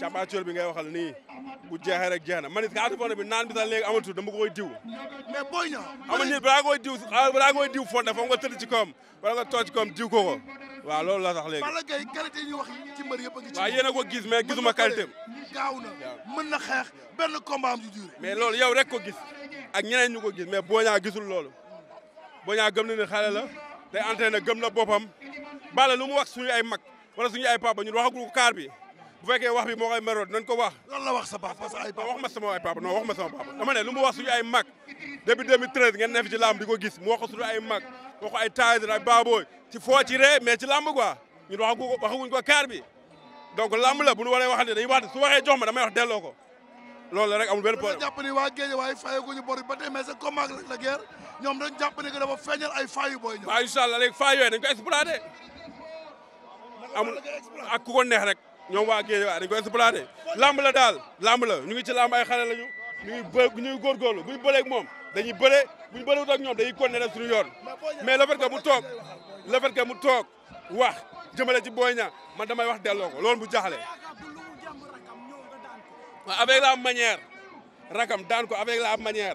cappaacool bi ngay waxal nii bu jeexee rek jeex na man it kaatu bi naan bi sax léegi amatul dama koy diw. mais booy ña. amul nit balaa koy diw ah, balaa koy tëdd ci koom wala nga koom diw ko ko waaw loolu la sax léegi. Balla Gaye qualité wax ci mbër yëpp a ngi ko gis mais gisuma qualité am. gaaw na mën na xeex benn combat am ju mais loolu yow rek ko gis ak ñeneen ñu ko gis mais boo ñaa gisul loolu boo ñaa gëm na ne xale la day entraîné gëm na boppam Balla lu mu wax suñu ay mag wala suñu ay papa ñu waxagul ko kaar bi bu fekkee wax bi moo koy meroon nañ ko wax. lan la wax sa papa sa ay papa wax ma sama ay papa non wax ma sama papa dama ne lu mu wax suñu ay mag depuis 2013 ngeen nekk ci làmb di ko gis mu wax ko suñu ay mag wax ko ay taay ay baabooy ci foo ci ree mais ci làmb quoi ñun waxagu ko waxaguñ ko kaar bi donc làmb la bu ñu waree waxante dañuy wax su waxee jox ma damay wax delloo ko loolu rek amul benn problème. dañoo jàpp ne waa Géej waaye fayaguñu bor ba tey mais sa combat ak la guerre ñoom dañu jàpp ne que dafa feeñal ay fayu booy ñoom. waaw incha allah léegi fayu yooyu dañ ko exploité amul ak ku ko neex rek ñoom waa Guédiawaye dañ koy exploité lamb la daal lamb la ñu ngi ci lamb ay xale lañu ñu ngi bë ñu ngi góorgóorlu bu ñu bëree ak moom dañuy bëree bu ñu bëree ak ñoom dañuy continuer def suñu yoon mais le fait que mu toog le fait que mu toog wax jëmale ci Boy Niang man damay wax delloo ko loolu bu jaaxle avec la manière rakam daan ko avec la manière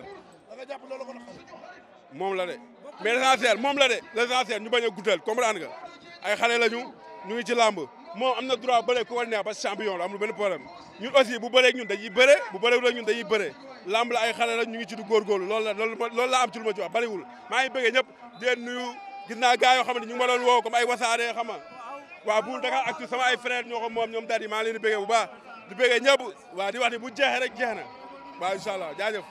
moom la de mais l'essentiel moom la de l'essentiel ñu bañ a guddal comprendre nga ay xale lañu ñu ngi ci lamb moom am na droit bëree ku ko neex parce que champion la amul benn problème ñun aussi bu bëree ñun dañuy bëree bu bëree ñun dañuy bëree lamb la ay xale la ñu ngi ci du góorgóorlu loolu la loolu loolu laa am ci lu ma ci wax bëriwul maa ngi bëggee ñëpp di leen nuyu gis naa gars yoo xam ne ñu ngi ma doon woo comme ay wasaare xam nga waaw bu Dakar Actu sama ay frère ñoo ko moom ñoom daal yi maa leen di bëggee bu baax di bëggee ñëpp waaw di wax ni bu jeexee rek jeex na waaw incha allah jaajëf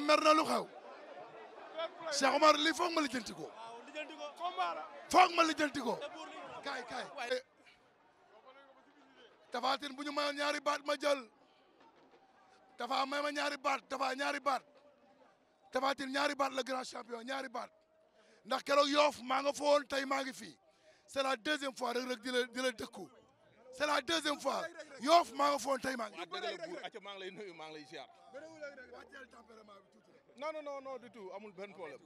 damaa mer na lu xew Cheikh Omar li foog ma lijjanti ko foog ma lijjanti ko kaay kaay Tapha Tine bu ñu mayoon ñaari baat ma jël Tapha may ma ñaari baat Tapha ñaari baat Tapha Tine ñaari baat la grand champion ñaari baat ndax keroog yoof maa nga foon tey maa ngi fii c'est la deuxième fois rek rek di la di la dëkku c'est la deuxième fois yoof maa foon tey maa ngi. non non non no du tout amul benn problème.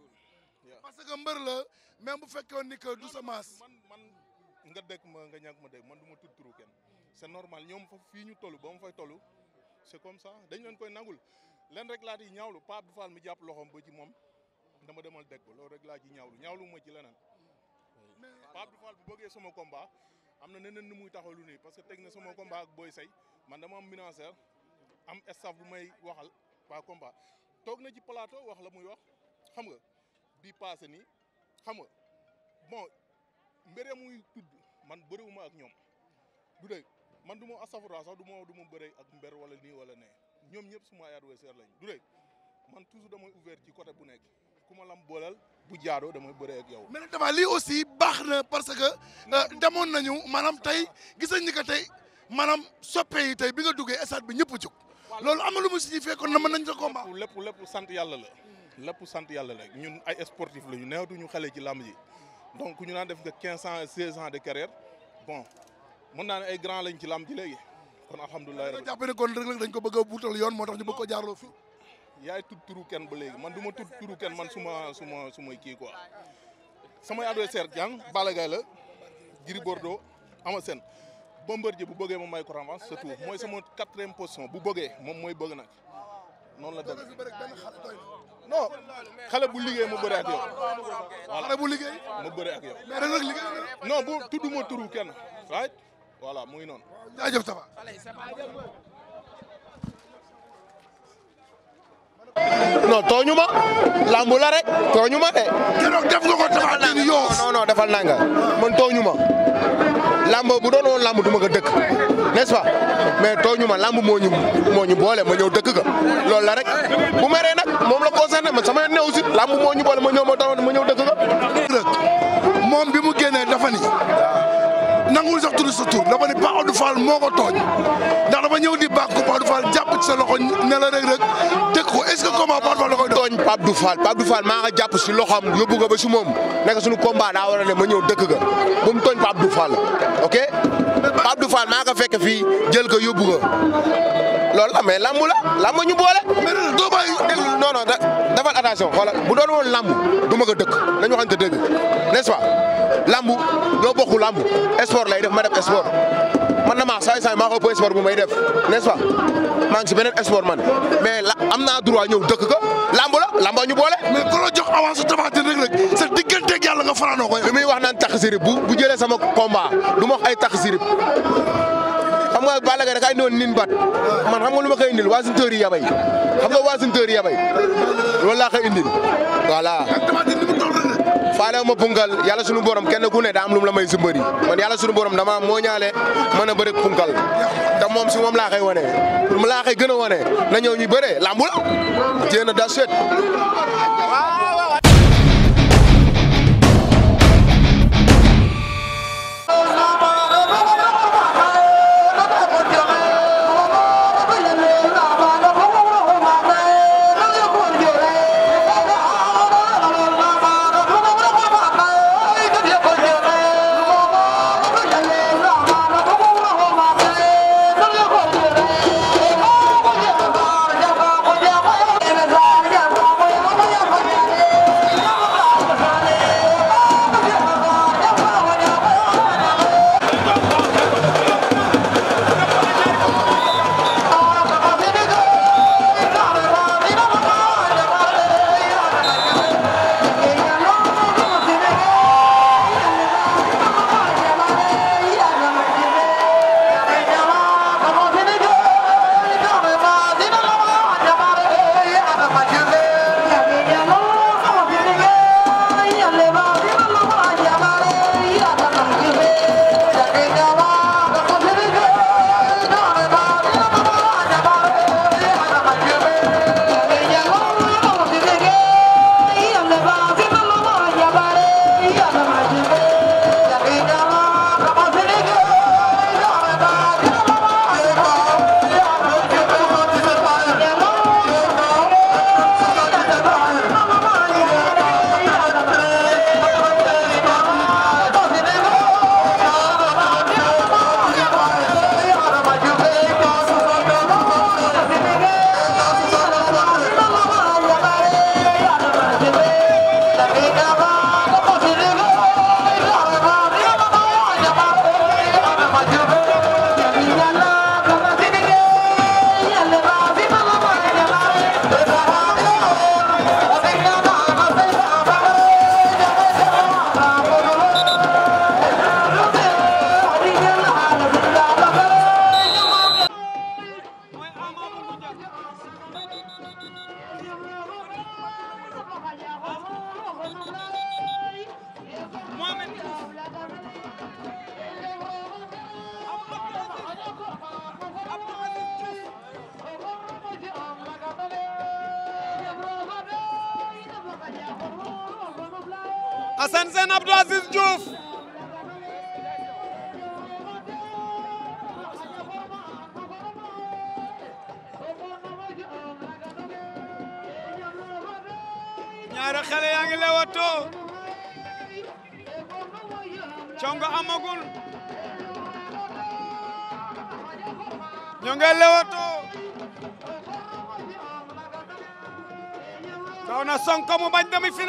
parce que mbër la même bu fekkoon ni que du sa man man nga dëkk ma nga ñàkk ma dëkk man du ma tudd turu kenn. c'est normal ñoom fa fii ñu toll ba mu fay toll c'est comme sa dañ leen koy nangul len rek laa di ñaawlu Pape Dufal mi jàpp loxoom ba ci moom dama demal dëkk ba loolu rek laa ci ñaawlu ñaawlu ma ci leneen. mais Pape Dufal bu bëggee sama combat am na neneen nu muy taxaw lu nii parce que teg na sama combat ak Boy Sey man dama am financeur am staff bu may waxal pas combat toog na ci plateau wax la muy wax xam nga bi passé ni xam nga bon mbére muy tudd man bëriwuma ak ñoom du deeg man du moo asafura du ma du ma bëre ak mber wala nii wala nee ñoom ñëpp suma adversaire lañ du dëgg man toujours damay ouvert ci côté bu nekk ku ma lam boolal bu jaadoo damay bëree ak yow. mais nag dafa lii aussi baax na parce que euh, demoon nañu maanaam tey gis nañ ni que tey maanaam soppe tey bi nga duggee stade bi ñëpp a jóg. loolu am na lu mu signifié kon na mën nañ sa combat. lépp lépp sant yàlla la. lépp sant yàlla la ñun ay sportif la ñu neewatuñu xale ci làmb ji. donc ñu naan def nga quinze ans seize ans de carrière bon mën naa ne ay grand lañ ci làmb ji léegi kon alhamdulilah. rajo bi jàpp ne kon rek dañ ko bëgg a buutal yoon moo tax ñu bëgg ko jaarloo fi. yaay tudd turu kenn ba léegi man du ma tudd turu kenn man su ma su ma su ma kii quoi samay adversaire jàng Balla Gaye la Gris Ama Bombardier bu bëggee moom may ko revanche surtout mooy sama quatrième position bu bëggee moom mooy bëgg nag noonu la demee non xale bu liggéey ma bëri ak yow. voilà xale bu ma bëri ak yo mais rek liggéey non bu tudd ma voilà mu ngi noonu. jaajëf Tapha. non tooñu ma lambu la rek tooñu ma de. keroog def nga ko defal naa nga man tooñu ma. lamb bu doon woon lamb du ma ko dëkk n'est-ce pas mais tooñu ma lamb moo ñu moo ñu boole ma ñëw dëkk ka loolu la rek bu meree nag moom la concerné ma sama yoon ne aussi lamb moo ñu boole ma ñëw ma doon ma ñëw dëkk ka. moom bi mu génnee dafa nanguwul sax tudd sa tur dama ni Pa Odou Fall moo ko tooñ ndax dama ñëw di bàkk Pa Odou Fall jàpp ci sa loxo ne la rek rek dëkk ko est-ce que comment Pa Odou Fall la koy tooñ maa nga jàpp si loxoom yóbbu nga ba si moom nekk suñu combat daa war a ne ma ñëw dëkk ga bu mu tooñ Pa Odou Fall ok Pa Odou Fall maa nga fekk fii jël ko yóbbu nga loolu la mais lambu la lamb ñu boole. mais doo bàyyi déglu non non defal attention xoolal bu doon woon lamb du ma ko dëkk nañu waxante dëgg n'est-ce pas lambu doo bokku lamb sport lay def ma def sport man na maa saay saay maa ko ëpp sport bu may def n'est-ce pas maa ngi si beneen sport man mais la am naa droit ñëw dëkk ko lamb la lamb ñu boole. mais ku la jox avance tabatin rek rek sa digganteeg yàlla nga fanaanoo ko. bi muy wax naan tax sirib bu bu sama combat du ma wax ay tax sirib xam nga Balla Gaye da kay noon nin bat man xam nga lu ma koy indil waasinteur yi yabay xam nga waasinteur yi yabay loolu laa koy indil voilà. faalewu ma punkal yàlla sunu borom kenn ku ne daa am lu mu la may si mbëri man yàlla sunu borom dama moo ñaale mën a bëri punkal te moom si moom laa koy wane pour mu laa koy gën a wane na ñëw ñu bëree làmbu la jéem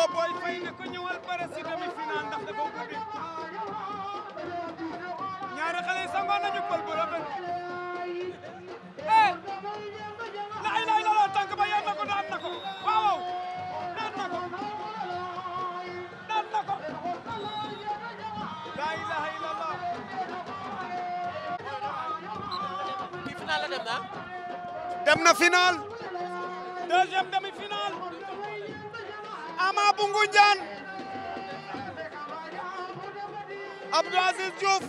woo Boy Faye ne ko ñëwal pare si demi-finale ndax dafa ubbi ñaari xale yi sangoo nañu pël bu rafet eh la ay lay laloo tànk ba yar na ko daan na ko waaw daan na ko daan na ko la ilaha illallah bi final la dem na dem na final deuxième demi-finale Ama bu Ngunjaan Abdou Aziz Diouf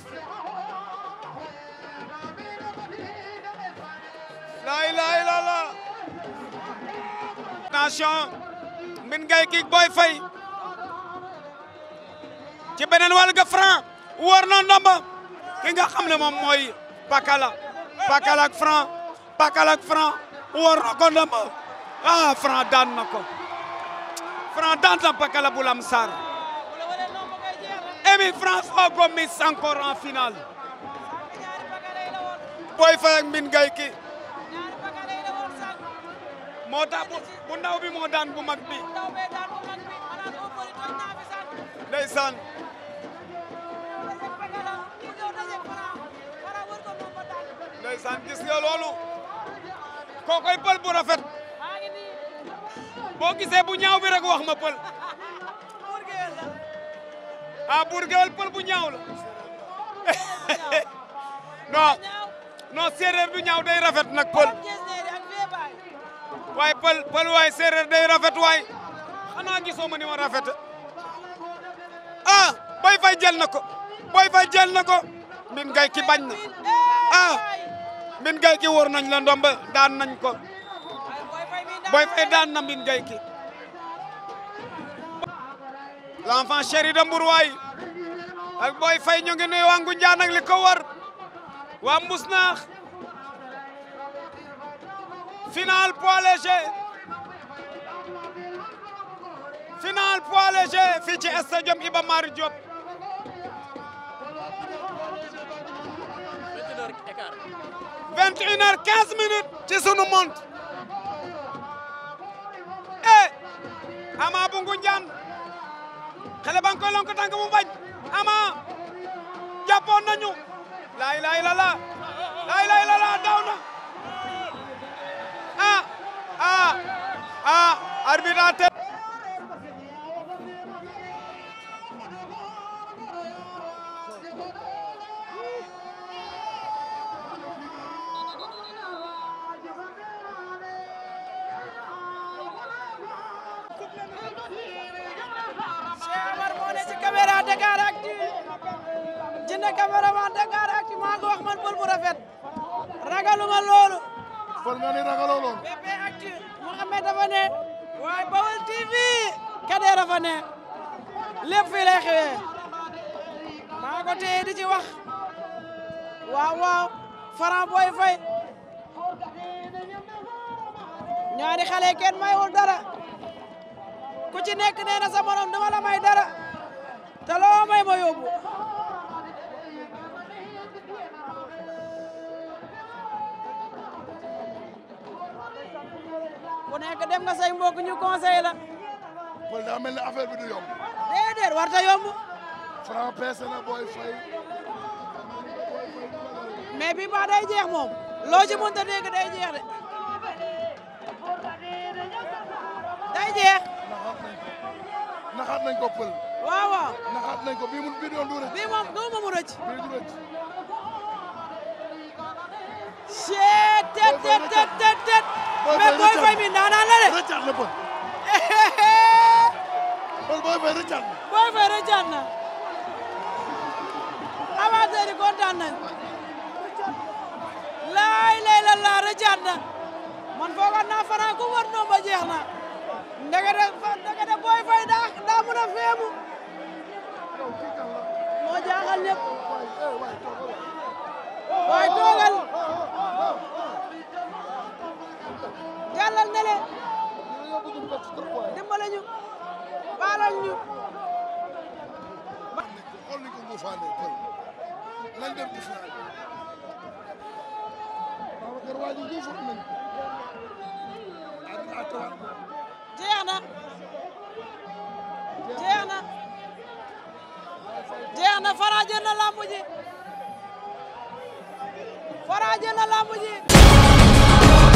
la ilaha illallah nation ngay kik boy fay ci beneen wàll ga franc wóor na ndomba ki nga xam ne moom mooy pakala pakala ak franc pakala ak na ko ndomba ah franc daan na ko Franc la pakala Boulam Sarr émi François promis encore en finale Boy Faye min Mbine Gay ki moo bu ndaw bi moo daan bu mag bi ndeysaan ndeysaan gis nga loolu bu rafet boo gisee bu ñaaw bi rek wax ma pël ah buur géwél pël bu ñaaw la non non séeréer du ñaaw day rafet nag pël waaye pël pël waay séeréer day rafet waay xanaa gisoo ma ni ma rafet ah Boy Faye jël na ko Boy Faye jël na ko min gay ki bañ na ah min gay ki wóor nañ la ndomba daan nañ ko Boy Faye daan na Mbine Gayki l'enfant chéri de Mbour waay ak Boy Faye ngi nuyu waa Ngunjaan ak li ko waa Mbousnaax final poids léger final poids léger Iba Mar Diop vingt et une heures quinze minutes ci sunu montre eh Ama bu xale ba nga koy lonk tànk mu bañ Ama jàppoon nañu laay laay lala laay laay lala daw na ah ah ah arbitre ne cameraman Dakaractu maa ko wax man pël bu rafet ragaluma loolu. pël nga ni ragaloo loolu. Bpactu Mouhamed dafa ne. waaye Baol TV. Kader dafa ne. lépp fii lay xewee. maa di ci wax. waaw waaw Franc Boy Faye. ñaari xale kenn mayul dara. ku ci nekk nee na sa la may dara. te loo may ma nekk dem nga say mbokk ñu conseil la. Paul daa mel ne affaire bi du yomb. déedéet war ta yomb. Franc peese na booy fay. mais bi ba day jeex moom. loo ci mënta dégg day jeex de. day jeex. naxaat nañ ko pël. waaw waaw. naxaat nañ ko bii mu bii doon du rëcc. bii moom gëmuma mu rëcc. bii tet tet tet tet mais Boy Faye mi naanaan la de. rëccaat la pël. pël Boy Faye rëccaat na. Boy Faye rëccaat na. amateur yi kontaan nañ. laay lay la na. man foogoon naa Franc ku war noom ba daa daa mën a féemu. moo jaaxal ñëpp. waaye toogal. jàllal ne le dimbale ñu baalal ñu xool nañ ko nguufaane pël lañ dem gis naa Babacar waa ji nguufoon nañ ak atawaat jeex na jeex na jeex na Fara jël na lamb ji Fara jël na lamb ji